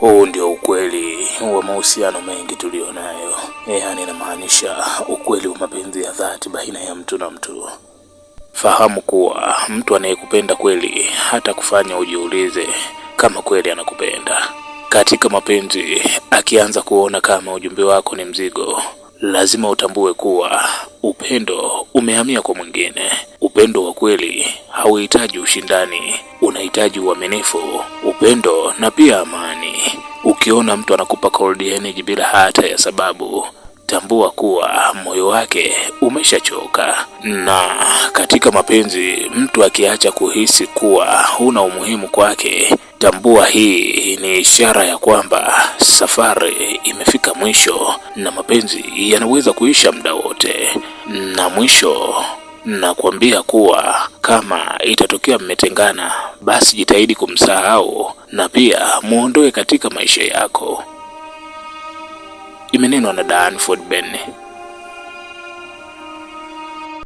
Huu ndio ukweli wa mahusiano mengi tuliyo nayo, eh, yaani inamaanisha ukweli wa mapenzi ya dhati baina ya mtu na mtu. Fahamu kuwa mtu anayekupenda kweli hata kufanya ujiulize kama kweli anakupenda. Katika mapenzi, akianza kuona kama ujumbe wako ni mzigo, lazima utambue kuwa upendo umehamia kwa mwingine. Upendo wa kweli hauhitaji ushindani, unahitaji uaminifu, upendo na pia amani. Ukiona mtu anakupa cold energy bila hata ya sababu, tambua kuwa moyo wake umeshachoka. Na katika mapenzi, mtu akiacha kuhisi kuwa huna umuhimu kwake, tambua hii ni ishara ya kwamba safari imefika mwisho, na mapenzi yanaweza kuisha muda wote, na mwisho Nakwambia kuwa kama itatokea mmetengana, basi jitahidi kumsahau na pia muondoe katika maisha yako. Imenenwa na Danford Ben.